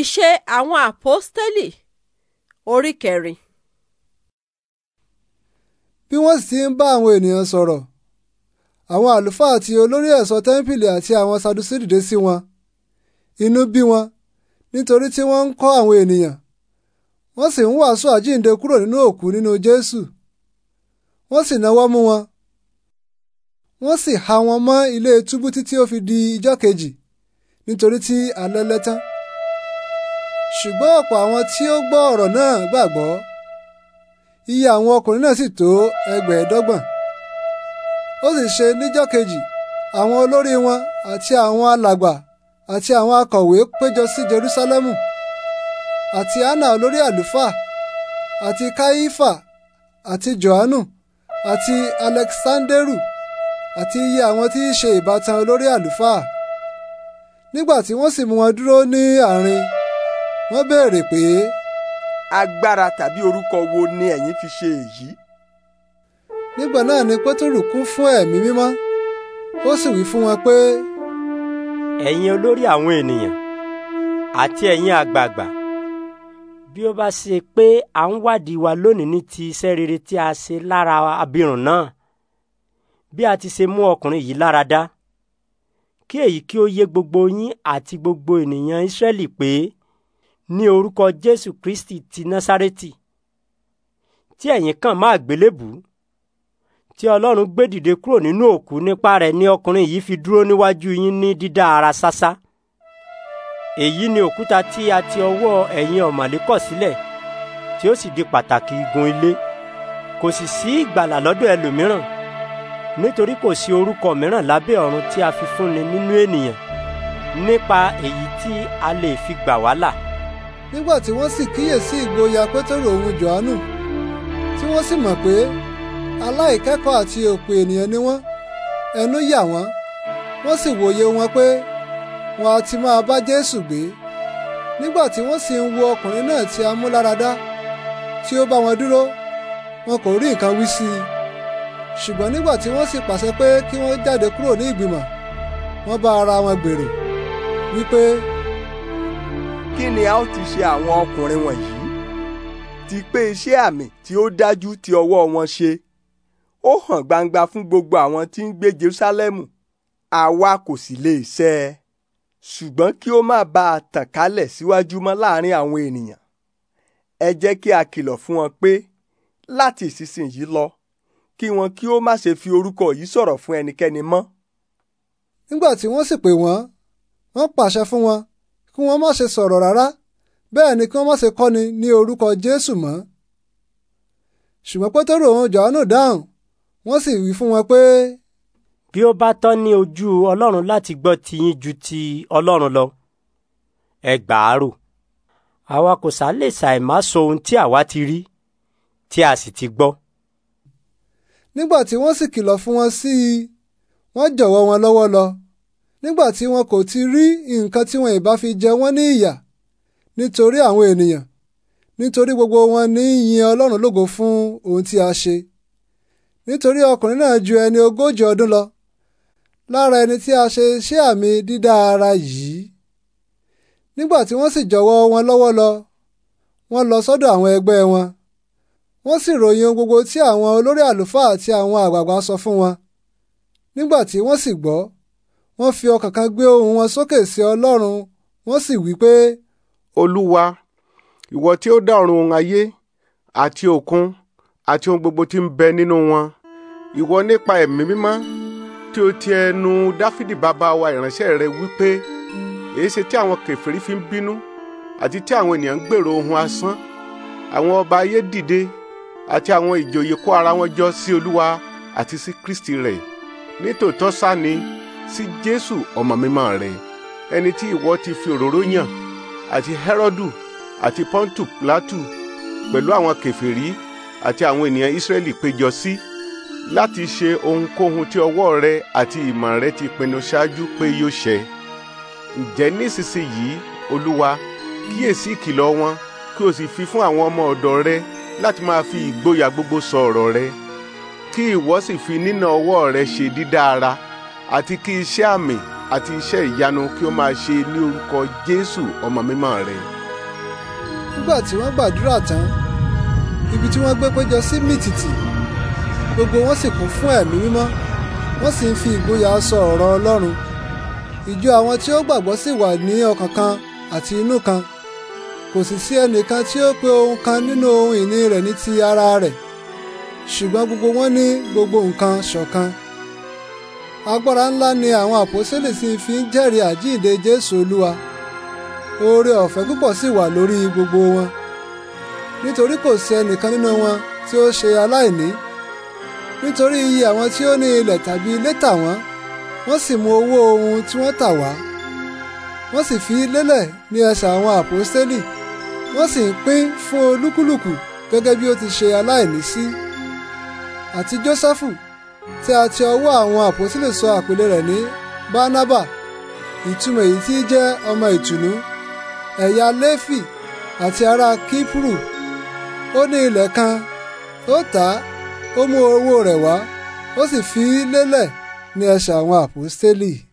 Ìṣe àwọn àpọ́stélì orí kẹrin. Bí wọ́n sì ti ń bá àwọn ènìyàn sọ̀rọ̀, àwọn àlùfáà àti olórí ẹ̀ṣọ́ tẹ́ḿpìlì àti àwọn Sadusí dìde sí wọn. Inú bí wọn nítorí tí wọ́n ń kọ́ àwọn ènìyàn. Wọ́n sì ń wàásù àjíǹde kúrò nínú òkú nínú Jésù. Wọ́n sì nawọ́ mú wọn. Wọ́n sì há wọn mọ́ ilé túbú títí ó fi di ijọ́ kejì nítorí tí alẹ́ lẹ́ ṣùgbọ́n ọ̀pọ̀ àwọn tí ó gbọ́ ọ̀rọ̀ náà gbàgbọ́ iye àwọn ọkùnrin náà sì tó ẹgbẹ̀ẹ́dọ́gbọ̀n ó sì ṣe níjọ́ kejì àwọn olórí wọn àti àwọn alàgbà àti àwọn akọ̀wé péjọ sí Jerúsálẹ́mù àti Anna olórí àlùfáà àti Káyífà àti Jòhánù àti Alexanderu àti iye àwọn tí í ṣe ìbátan olórí àlùfáà nígbà tí wọ́n sì mú wọn dúró ní àárín wọ́n béèrè pé. agbára tàbí orúkọ wo ni ẹ̀yin fi ṣe èyí. nígbà náà ni pétérù kún fún ẹ̀mí mímọ́ ó sì wí fún wọn pé. ẹ̀yin olórí àwọn ènìyàn àti ẹ̀yin àgbààgbà bí ó bá ṣe pé à ń wádìí wa lónìí ní ti iṣẹ́ rere tí a ṣe lára abirùn náà bí a ti ṣe mú ọkùnrin yìí lára dá kí èyí kí ó yé gbogbo yín àti gbogbo ènìyàn Ísírẹ́lì pé ní orúkọ jésù kristi ti násárẹ́tì tí ẹ̀yin kàn máa gbélébùú tí ọlọ́run gbé dìde kúrò nínú òkú nípa rẹ̀ ni ọkùnrin yìí fi dúró níwájú yín ní dídá ara ṣáṣá èyí ni òkúta tí a ti ọwọ́ ẹ̀yin ọ̀mọ̀lé kọ̀ sílẹ̀ tí ó sì di pàtàkì igun ilé kò sì sí ìgbàlà lọ́dọ̀ ẹlòmíràn nítorí kò sí orúkọ mìíràn lábẹ́ ọ̀run tí a fi fúnni nínú ènìyàn nípa èyí tí a lè fi gbà wá là nígbà tí wọ́n sì kíyèsí ìgboyà pétérù òun jòhánù tí wọ́n sì mọ̀ pé aláìkẹ́kọ̀ọ́ àti òpè ènìyàn ni wọ́n ẹnu yà wọ́n wọ́n sì wòye wọn pé wọn a ti máa bá jésù gbé nígbà tí wọ́n sì ń wo ọkùnrin náà tí a mú láradá tí ó bá wọn dúró wọn kò rí nǹkan wí sí i ṣùgbọ́n nígbà tí wọ́n sì pàṣẹ pé kí wọ́n jáde kúrò ní ìgbìmọ̀ wọ́n bá ara wọn gbèrò wípé. Kini ni a ó ti ṣe àwọn ọkùnrin wọ̀nyí ti pé iṣẹ́ àmì tí ó dájú ti ọwọ́ wọn ṣe ó hàn gbangba fun gbogbo àwọn tí ń gbé Jerúsálẹ́mù àwa kò sì lè ṣe é ṣùgbọ́n kí ó má bàa tàn kálẹ̀ síwájú mọ́ láàrin àwọn ènìyàn ẹ jẹ́ kí a kìlọ̀ fún wọn pé láti ìsinsìnyí lọ kí wọn kí ó má ṣe fi orúkọ yìí sọ̀rọ̀ fún ẹnikẹ́ni mọ́. nígbà tí wọ́n sì pè wọ́n wọ́n pàṣẹ fún wọn kí wọ́n má ṣe sọ̀rọ̀ rárá bẹ́ẹ̀ ni kí wọ́n má ṣe kọ́ni ní orúkọ Jésù mọ́. ṣùgbọ́n Pétérù òun Jòhánù dáhùn wọ́n sì wí fún wọn pé. bí ó bá tọ́ ní ojú Ọlọ́run láti gbọ́ tiyín ju ti Ọlọ́run lọ ẹ gbà àwa kò sá lè ṣàìmá sọ ohun tí àwa ti rí tí a sì ti gbọ́. nígbà tí wọ́n sì kìlọ̀ fún wọn sí i wọ́n jọ̀wọ́ wọn lọ́wọ́ lọ. Lo nígbà tí wọn kò ti rí nǹkan tí wọn ìbá fi jẹ wọ́n ní ìyà nítorí àwọn ènìyàn nítorí gbogbo wọn ní yin Ọlọ́run lógo fún ohun tí a ṣe nítorí ọkùnrin náà ju ẹni ogójì ọdún lọ lára ẹni tí a ṣe ṣé àmì dídá ara yìí nígbà tí wọ́n sì jọ̀wọ́ wọn lọ́wọ́ lọ wọ́n lọ sọ́dọ̀ àwọn ẹgbẹ́ wọn wọ́n sì ròyìn gbogbo tí àwọn olórí àlùfáà àti àwọn àgbààgbà sọ fún wọn nígbà tí wọ́n sì gbọ́ wọ́n fi ọkàn kan gbé ohùn wọn sókè sí ọlọ́run wọ́n sì wí pé. olúwa ìwọ tí ó dá ọ̀run ohun ayé àti òkun àti ohun gbogbo tí ń bẹ nínú wọn ìwọ nípa ẹ̀mí mímọ́ tí o ti ẹnu dáfídì bàbá wa ìránṣẹ́ rẹ wí pé èéṣe tí àwọn kèfèrí fi ń bínú àti tí àwọn ènìyàn ń gbèrò ohun asán àwọn ọba ayé dìde àti àwọn ìjòyè kó ara wọn jọ sí olúwa àti sí kristi rẹ̀ nítòótọ́ sá ni. Tòótọ́, sí jésù ọmọ mímọ́ rẹ ẹni tí ìwọ ti fi òróró yàn àti herodu àti pontu pilatu pẹ̀lú àwọn kèfèrí àti àwọn ènìyàn israẹli péjọ sí láti ṣe ohunkóhun tí ọwọ́ rẹ àti ìmọ̀ rẹ ti pinnu ṣáájú pé yóò ṣẹ ǹjẹ́ nísinsìnyí olúwa kíyèsí ìkìlọ̀ wọn kí o sì fi fún àwọn ọmọ ọ̀dọ̀ rẹ láti máa fi ìgboyà gbogbo sọ ọ̀rọ̀ rẹ kí ìwọ sì fi nínà ọwọ́ rẹ ṣe dídá àti kí iṣẹ́ àmì àti iṣẹ́ ìyanu kí ó máa ṣe ní orúkọ Jésù ọmọ mímọ́ rẹ. nígbà tí wọ́n gbàdúrà tán ibi tí wọ́n gbé péjọ sí mì tìtì gbogbo wọn sì kún fún ẹ̀mí mímọ́ wọ́n sì ń fi ìgboyà sọ ọ̀rọ̀ Ọlọ́run ìjọ àwọn tí ó gbàgbọ́ sì wà ní ọkàn kan àti inú kan kò sì sí ẹnìkan tí ó pe ohun kan nínú ohun ìní rẹ̀ ní ti ara rẹ̀ ṣùgbọ́n gbogbo wọn ní gbogbo nǹkan ṣọ̀kan agbára ńlá ni àwọn àpòsílẹ̀ sì fi ń jẹ́rìí àjíǹde Jésù Olúwa oore ọ̀fẹ́ púpọ̀ sì wà lórí gbogbo wọn nítorí kò sí ẹnìkan nínú wọn tí ó ṣe aláìní nítorí iye àwọn tí ó ní ilẹ̀ tàbí ilé tà wọ́n wọ́n sì mú owó ohun tí wọ́n tà wá wọ́n sì fi lélẹ̀ ní ẹsẹ̀ àwọn àpòsílẹ̀ wọ́n sì ń pín fún olúkúlùkù gẹ́gẹ́ bí ó ti ṣe aláìní sí àti Jósẹ́fù tí a ti ọwọ́ àwọn àpòsílẹ̀ sọ àpèlé rẹ̀ ní Bánábà ìtumọ̀ èyí tí jẹ́ ọmọ ìtùnú ẹ̀yà Léfì àti ará Kípùrù ó ní ilẹ̀ kan ó tà á ó mú owó rẹ̀ wá ó sì fi í lélẹ̀ ní ẹsẹ̀ àwọn àpòsílẹ̀.